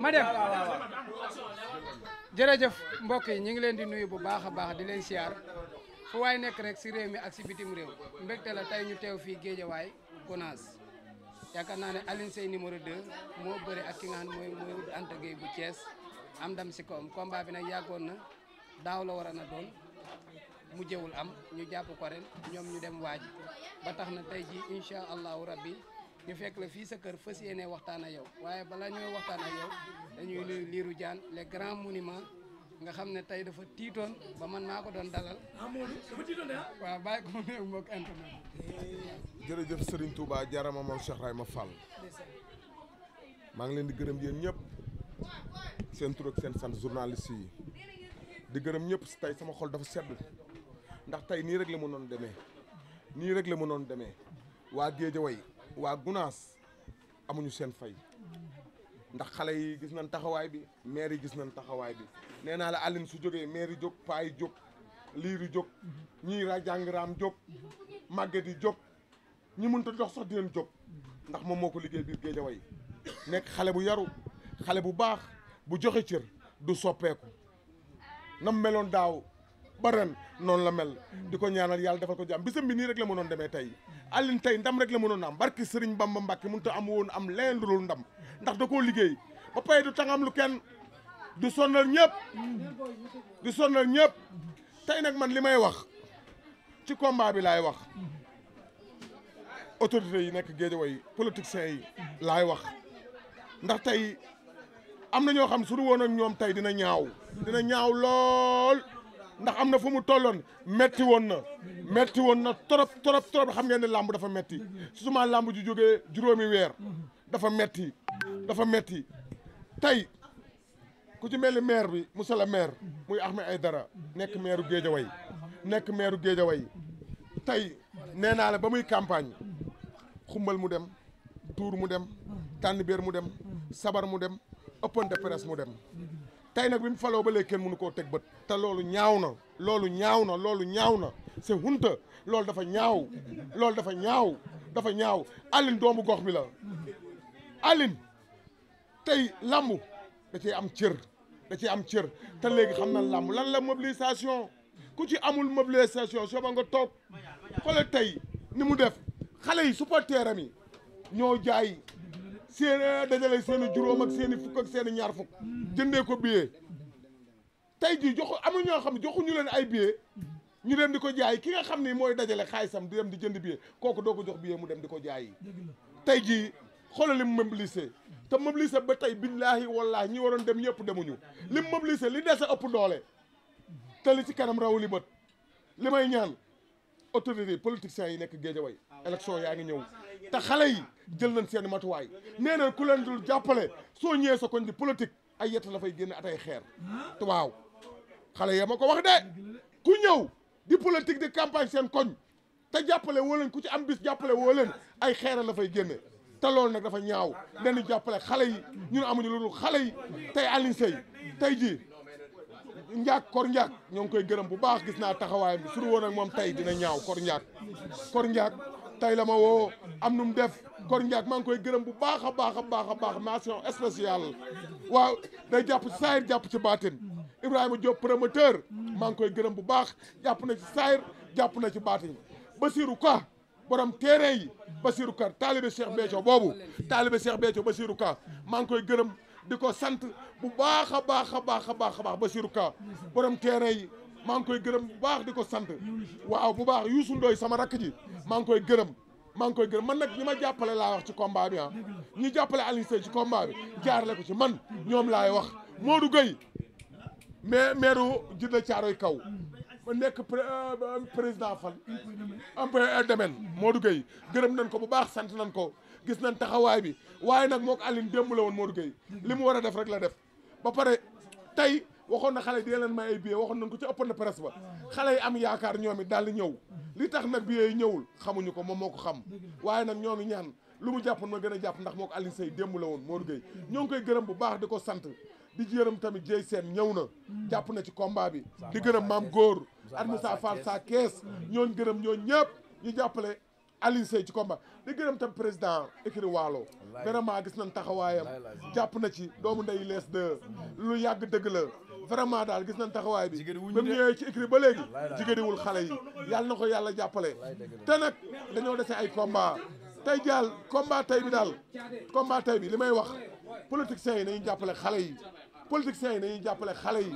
ma dem jërëjëf mbokk yi ñu ngi leen di nuyu bu baax a baax di leen siyaar fu waay nekk rek si réew mi ak si bitim réew mbégte la tey ñu teew fii Géejawaay Gonaas yaakaar naa ne Alioune Seye numéro 2 moo bëri ak ki nga mooy mooy wut Anta bu cees am ndam si kawam combat bi nag yàggoon na daaw la war na doon mu jëwul am ñu jàpp ko ñoom ñu dem waaji ba tax na tey ji incha allahu rabbi ñu fekk la fii sa kër fas yéene waxtaan ak yow waaye balaa ñooy waxtaan ak yow dañuy nuyu Lirou Diane les grands monuments nga xam ne tey dafa tiitoon ba man naa ko doon dalal. ah Maodo dafa tiitoon de ah. ko mu néew moog internet. jërëjëf Serigne Touba jaarama moom Cheikh Rayma Fall. maa ngi leen di gërëm yéen ñëpp seen tur seen sant journaliste yi di gërëm ñëpp tey sama xol dafa sedd ndax tey nii rek la mënoon demee nii rek la mënoon demee waa Guédiawaye waa Gunaas amuñu seen fay ndax xale yi gis nañ taxawaay bi maire yi gis nañ taxawaay bi nee naa la Aline su jógee maire yi jóg paa yi jóg liiru jóg ñii rajàngiraam jóg màgget yi jóg ñi mënta dox sax di leen jóg ndax moom moo ko liggéey biir Géejawaay nekk xale bu yaru xale bu baax bu joxe cër du soppeeku nam meloon daaw ba ren noonu la mel di ko ñaanal yàlla defal ko jàmm bisam bi nii rek la mënoon demee tey Alioune tey ndam rek la mënoon am barki Serigne Bamba Mbacke mënut a am woon am leneen lu dul ndam ndax da koo liggéey ba pay du tàngam lu kenn du sonnal ñëpp du sonnal ñëpp tey nag man li may wax ci combat bi laay wax autorités yi nekk Guédiawaye politiciens yi laay wax ndax tey am na ñoo xam su du ñoom tey dina ñaaw dina ñaaw lool ndax am na fu mu tolloon metti woon na metti woon na trop trop trop xam ngeen ne làmb dafa metti su ma làmb ju jógee juróomi weer dafa metti dafa metti tey ku ci mel ni maire bi monsieur le maire muy ay dara nekk maire u Guédiawaye nekk maire u Guédiawaye tey nee naa ba muy campagne xumbal mu dem tuur mu dem tànn béer mu dem sabar mu dem ëppante presse mu dem tey nag bi mu faloo ba léegi kenn mënu koo teg bët te loolu ñaaw na loolu ñaaw na loolu ñaaw na c'est honte loolu dafa ñaaw loolu dafa ñaaw dafa ñaaw Aline doomu gox bi la Aline tey làmbu da cee am cër da cee am cër te léegi xam na làmb lan la mobilisation ku ci amul mobilisation soo ba nga toog xoolal tey ni mu def xale yi supporteram yi ñoo jaay seen dajale seen i juróom ak seen i fukk ak seen ñaar fukk jëndee ko billet tey jii joxu amu ñoo xam joxuñu leen ay billet ñu dem di ko jaay ki nga xam nii mooy dajale xaalisam di dem di jënd billet kooku doo ko jox billet mu dem di ko jaay yi tey jii xoolal li mu mobilisé te mobilisé ba tey billaahi wallaahi ñi waroon dem ñëpp demuñu li mu mobilisé li dese ëpp doole te li ci kanam raw li bët li may ñaan autorités yi politiciens yi nekk Guédiawaye élection yaa ngi ñëw te xale yi jël nañ seen matuwaay nee na ku leen dul jàppale soo ñëwee sa koñ di politique ay yett la fay génn at ay xeer waaw xale ya ma ko wax de ku ñëw di politique di campagne seen koñ te jàppale woo leen ku ci am bis jàppale woo leen ay xeer la fay génne te loolu nag dafa ñaaw dañu jàppale xale yi ñun amuñu loolu xale yi tey Alioune Seye tey jii njaak kor njaak ñoo ngi koy gërëm bu baax gis naa taxawaayam bi suru woon ak moom tey dina ñaaw kor njaak kor njaak tey la ma am nu mu def kor Ndiak maa ngi koy gërëm bu baax a baax a baax a baax mention spéciale waaw day jàpp ci saayir jàpp ci baatin Ibrahima Diop promoteur maa ngi koy gërëm bu baax jàpp na ci saayir jàpp na ci baatin Basirou Ka borom téere yi Basirou Ka taalibe Cheikh Béthio boobu taalibe Cheikh Béthio basiiru Ka maa ngi koy gërëm di ko sant bu baax a baax a baax a baax a baax Basirou Ka borom téere yi maa ngi koy gërëm bu baax di ko sant waaw bu baax Youssou Ndoye sama rakk ji maa ngi koy gërëm maa ngi koy gërëm man nag ñi ma jàppale laa wax ci combat bi ah ñi jàppale Alioune Seye ci combat bi jaarale ko ci man ñoom laay wax Modou Gueye mais maire Djidda Thiaroye Kaw ma nekk euh, président fan am moo Modou Gueye gërëm nañ ko bu baax sant nañ ko gis nañ taxawaay bi waaye nag moo ko Alioune démb la woon Modou Gueye li mu war a def rek la def ba pare tey waxoon na xale dee leen may ay billets waxoon nañ ko ci ëppoon na presse ba xale yi am yaakaar ñoom it daal di ñëw li tax nag billets yi ñëwul xamuñu ko moom moo ko xam waaye nag ñoo ngi ñaan lu mu jàppoon ma gën a jàpp ndax moo ko Alioune Seye démb woon Modou Gueye ñoo ngi koy gërëm bu baax di ko sant di jërëm tamit Dieye seen ñëw na jàpp na ci kombaa bi di gërëm maam góor at Moussa Fall sa kees ñooñ gërëm ñooñ ñëpp ñu jàppale Alioune ci combat di gërëm tam président écurie Waalo vraiment gis nañ taxawaayam jàpp na ci doomu ndey lees de lu yàgg dëgg la vraiment daal gis nañ taxawaay bi ba mu ñëwee ci écrit ba léegi jigéeniwul xale yi yàlla na ko yàlla jàppale te nag dañoo dese ay combat tey jaal combat tey bi daal combat tey bi li may wax politiciens yi nañu jàppale xale yi politiciens yi nañu jàppale xale yi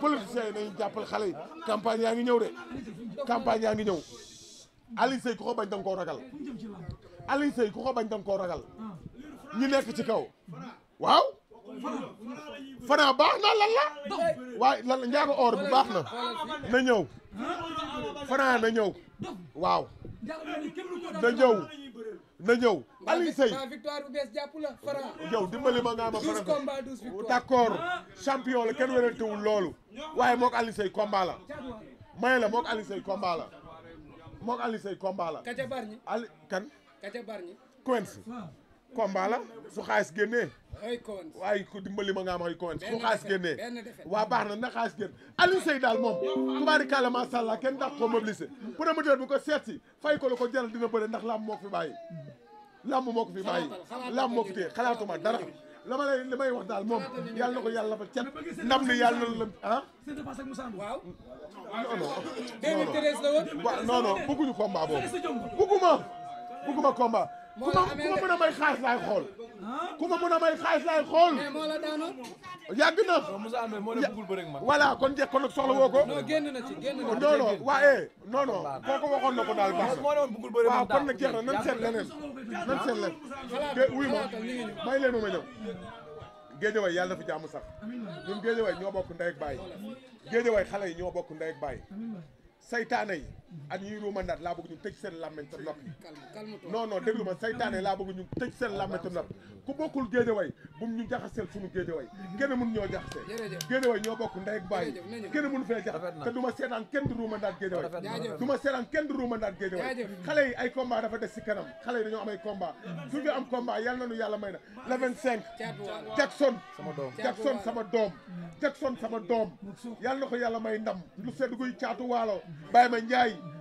politiciens yi nañu jàppale xale yi campagne yaa ngi ñëw de campagne yaa ngi ñëw Aliou Seye ko ko bañ danga koo ragal Aliou Seye ku ko bañ danga koo ragal ñu nekk ci kaw waaw Franc baax na lan la waaye lan la njaago or bi baax na na ñëw Franc na ñëw waaw na ñëw na ñëw Alioune Seye victoire bu bees jàpp la Franc yow dimbali ma nga ama Franc d'accord champion la kenn werantewul loolu waaye mook Alioune Seye combat la may la mook Alioune Seye combat la mook Alioune Seye combat la kaca barñi ali kan kaca barñi Quench combat la su xaalis génnee. waaye ku dimbali ma nga am ay coins su xaalis génnee. waa baax na na xaalis génn Aliou Seye daal moom. tubaarikàlla macha allah kenn dàq ko mobilisé. promoteur bu ko seet si fay ko la ko jaral dina bëre ndax làmb moo ko fi bàyyi. làmb moo ko fi bàyyi làmb moo ko téye xalaatuma dara. la li may wax daal moom yal na ko yàlla fa cat ndam ni yàlla na la ah. waaw. non non non non bëgguñu combat boobu bëgguma bëgguma combat. ku ma ku a may xaalis laay xool. ku ma mën a may xaalis xool. yàgg na. voilà kon jeex kon nag soxla woo ko. non génn na ci génn na ci non non waaye non non kooku waxoon na ko daal baax na waaw kon nag jeex na nan seet leneen nan seet leneen. te wuyu ma may leen ma ma ñëw. géejawaay yàlla na fi jaamu sax ñun géejawaay ñoo bokk ndey ak baay géejawaay xale yi ñoo bokk ndey ak baay saytaane yi. ak ñuy ruumandaat laa bëgg ñu tëj seen làmmeñ te noppi non ma saytaane laa bëgg ñu tëj seen làmmeñ ku bokkul géejaway bu ñu jaxaseel suñu géejaway kenn mun ñoo jaxasee géejaway ñoo bokk ndey bàyyi kenn mun fee jaxas te du seetaan kenn du ruumandaat géejaway xale yi ay combat dafa des si kanam xale yi dañoo am ay combat su ñu am combat yal nañu yàlla may na le vingt sama doom Jackson sama doom yal na ko yàlla may ndam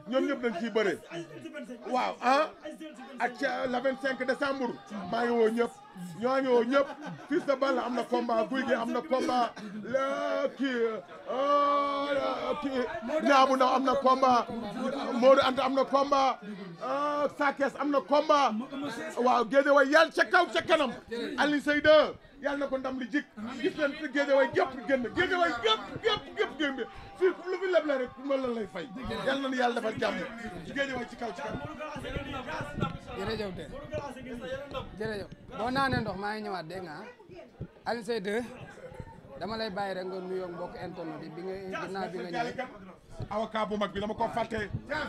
ñoom ñëpp dañ ciy bëre waaw a ah, ak la vingt cinq décembre maa ngi woo ñëpp ñoo ngi woo ñëpp fils de Balla am na combat guy gi am na combat la kii oh, kii ñaabu ndaw am na combat Modou Anta am na combat ah, Sakes am na combat waaw Guédiawaye yàlla ca kaw ca kanam Alioune Seye yàlla na ko ndam li jik gis leen te géejawaay gépp génn géejawaay gépp gépp gépp génn lu fi leble rek ma la lay fay yàlla na nu yàlla defal jàmm géejawaay ci kaw ci kaw jërëjëf de jërëjëf boo naanee ndox maa ngi ñëwaat dégg nga ah. Alioune Seye dama lay bàyyi rek nga nuyoo mbokk internet bi bi nga ginnaaw bi nga ñëwee avocat bu mag bi dama ko fàtte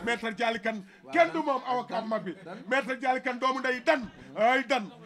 maître Dialy Kane kenn du moom avocat bu mag bi maître Dialy doomu ndey dan ay dan